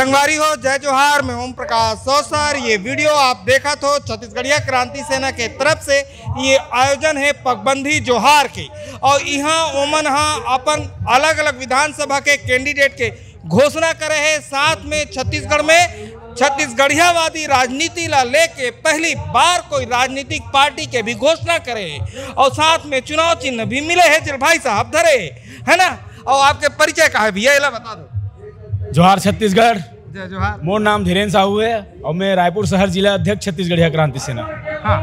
संगवारी हो जय जोहार मैं ओम प्रकाश सौसर ये वीडियो आप देखा तो छत्तीसगढ़िया क्रांति सेना के तरफ से ये आयोजन है पगबंदी जोहार के और यहाँ ओमन हाँ अपन अलग अलग विधानसभा के कैंडिडेट के घोषणा करे है साथ में छत्तीसगढ़ में छत्तीसगढ़ियावादी राजनीति ला लेके पहली बार कोई राजनीतिक पार्टी के भी घोषणा करे है और साथ में चुनाव चिन्ह भी मिले है जिल भाई साहब धरे है ना और आपके परिचय का है भैया बता दो जोहार छत्तीसगढ़ जोहार मोर नाम धीरेन्द्र साहू है और मैं रायपुर शहर जिला अध्यक्ष छत्तीसगढ़ क्रांति सेना हाँ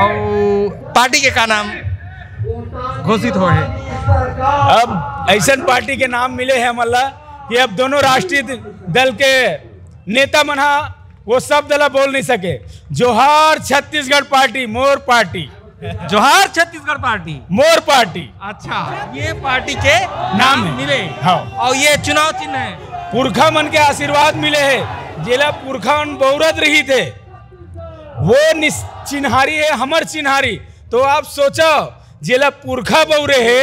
और पार्टी के का नाम घोषित हो है अब ऐसा पार्टी के नाम मिले है मल्ला कि अब दोनों राष्ट्रीय दल के नेता मना वो सब दल बोल नहीं सके जोहार छत्तीसगढ़ पार्टी मोर पार्टी जोहार छत्तीसगढ़ पार्टी मोर पार्टी अच्छा ये पार्टी के नाम, नाम मिले हाँ। और ये चुनाव चिन्ह है पुरखा मन के आशीर्वाद मिले है जिला पुरखा मन बहुरत रही थे वो चिन्हारी है हमर चिन्हारी तो आप सोचो जिला पुरखा बहुरे है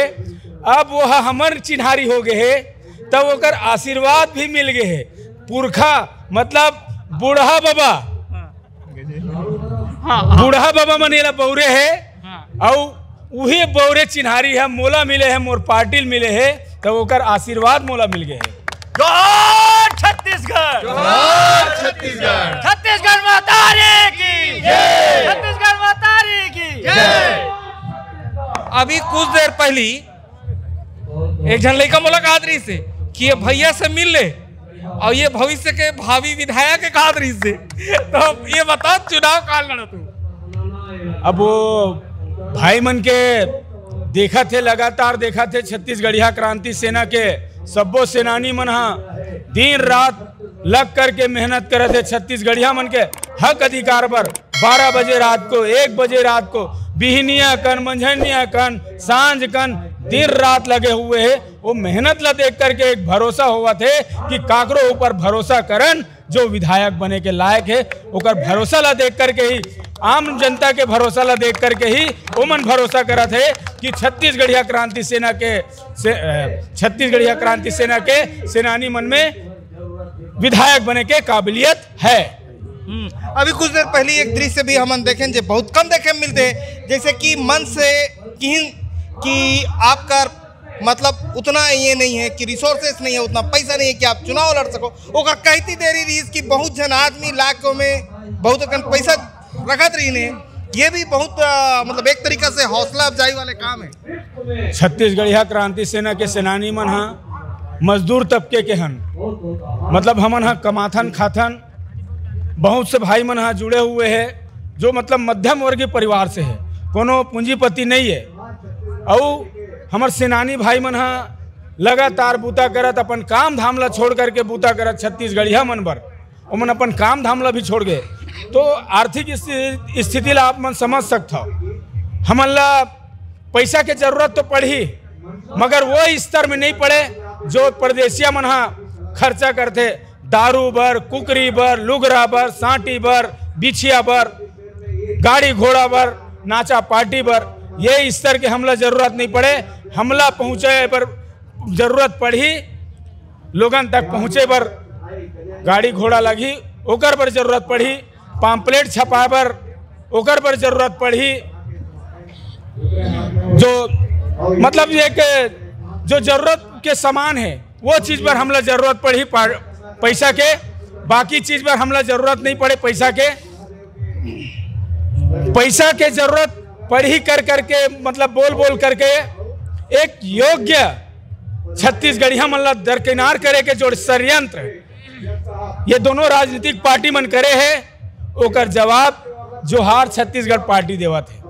अब वह हमर चिन्हारी हो गए है तब तो ओकर आशीर्वाद भी मिल गए है पुरखा मतलब बूढ़ा बाबा हाँ, हाँ। बूढ़ा बाबा मन जिला बहुरे है हाँ। और वही बौरे चिन्हारी है मोला मिले है मोर पाटिल मिले है तब तो ओकर आशीर्वाद मोला मिल गए है छत्तीसगढ़ छत्तीसगढ़ छत्तीसगढ़ माता की छत्तीसगढ़ माता की अभी कुछ देर पहली एक जन लड़का मुलाकात रही से कि ये भैया से मिल ले और ये भविष्य के भावी विधायक के कहा रही से तो ये बता चुनाव काल लड़ा तू अब वो भाई मन के देखा थे लगातार देखा थे छत्तीसगढ़िया क्रांति सेना के सब्बो सेनानी मन हा दिन रात लग करके मेहनत करे थे छत्तीसगढ़िया मन के हक अधिकार पर 12 बजे रात को एक बजे रात को बिहनिया कन मंझनिया कन सांझ कन दिन रात लगे हुए है वो मेहनत ला देख करके एक भरोसा हुआ थे कि काकरो ऊपर भरोसा करन जो विधायक बने के लायक है ओकर भरोसा ला देख करके ही आम जनता के भरोसा ला देख करके ही ओमन भरोसा करत है कि छत्तीसगढ़िया क्रांति सेना के से, छत्तीसगढ़िया क्रांति सेना के सेनानी मन में विधायक बने के काबिलियत है हम्म, अभी कुछ देर पहले एक दृश्य भी हम देखें जो बहुत कम देखे मिलते हैं जैसे कि मन से कि आपका मतलब उतना ये नहीं है कि रिसोर्सेस नहीं है उतना पैसा नहीं है कि आप चुनाव लड़ सको ओकर कहती देरी रही कि बहुत जन आदमी लाखों में बहुत अकन पैसा रखत रही ने ये भी बहुत मतलब एक तरीका से हौसला अफजाई वाले काम है छत्तीसगढ़िया क्रांति सेना के सेनानी मन हाँ मजदूर तबके के हन मतलब हमन हाँ कमाथन खाथन बहुत से भाई मन हाँ जुड़े हुए है जो मतलब मध्यम वर्गीय परिवार से है कोनो पूंजीपति नहीं है और हमार सेनानी भाई मन हा लगातार बूता करत अपन काम धाम ला छोड़ करके बूता करत छत्तीसगढ़िया मन पर ओमन अपन काम धाम ला भी छोड़ गए तो आर्थिक स्थिति ला आप मन समझ सकता हो हमन ला पैसा के जरूरत तो पड़ी मगर वो स्तर में नहीं पड़े जो परदेशिया मन हा खर्चा करते दारू बर कुकरी बर लुगरा बर सांटी बर बिछिया बर गाड़ी घोड़ा बर नाचा पार्टी बर ये स्तर के हमला जरूरत नहीं पड़े हमला पहुँचे पर जरूरत पड़ी लोगन तक पहुँचे पर गाड़ी घोड़ा लगी ओकर पर जरूरत पड़ी पाम्पलेट छपा पर ओकर पर जरूरत पड़ी जो मतलब ये के जो जरूरत के सामान है वो चीज़ पर हमला जरूरत पड़ी पैसा के बाकी चीज़ पर हमला जरूरत नहीं पड़े पैसा के पैसा के जरूरत पढ़ी कर करके मतलब बोल बोल करके एक योग्य छत्तीसगढ़िया मन ला दरकिनार करे के जोड़ षडयंत्र ये दोनों राजनीतिक पार्टी मन करे है ओकर जवाब जोहार छत्तीसगढ़ पार्टी देवत है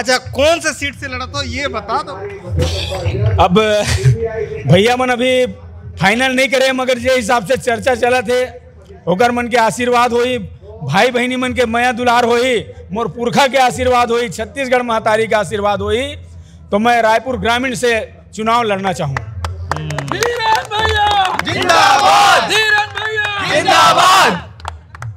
अच्छा कौन से सीट से लड़ा तो ये बता दो अब भैया मन अभी फाइनल नहीं करे मगर ये हिसाब से चर्चा चला थे ओकर मन के आशीर्वाद होई भाई बहनी मन के मया दुलार होई मोर पुरखा के आशीर्वाद होई छत्तीसगढ़ महतारी का आशीर्वाद होई तो मैं रायपुर ग्रामीण से चुनाव लड़ना चाहूँ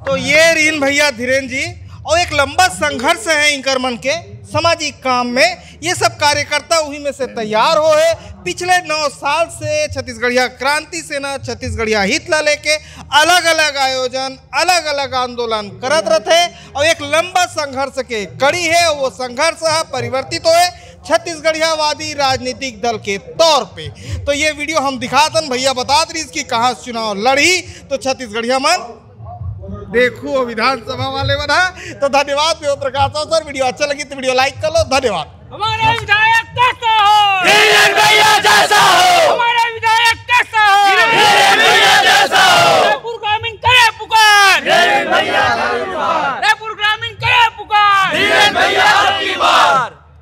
तो ये रीन भैया धीरेन्द्र जी और एक लंबा संघर्ष है इनकर मन के सामाजिक काम में ये सब कार्यकर्ता उन्हीं में से तैयार हो है पिछले नौ साल से छत्तीसगढ़िया क्रांति सेना छत्तीसगढ़िया हित ला लेके अलग अलग आयोजन अलग अलग आंदोलन करत रहते और एक लंबा संघर्ष के कड़ी है वो संघर्ष परिवर्तित छत्तीसगढ़िया छत्तीसगढ़ियावादी राजनीतिक दल के तौर पे तो ये वीडियो हम दिखातन भैया बता रही इसकी कहाँ चुनाव लड़ी तो छत्तीसगढ़िया मन देखो विधानसभा वाले बना तो धन्यवाद प्रकाश सर वीडियो अच्छा लगी तो वीडियो लाइक कर लो धन्यवाद हमारे विधायक कैसा हो भैया जैसा हो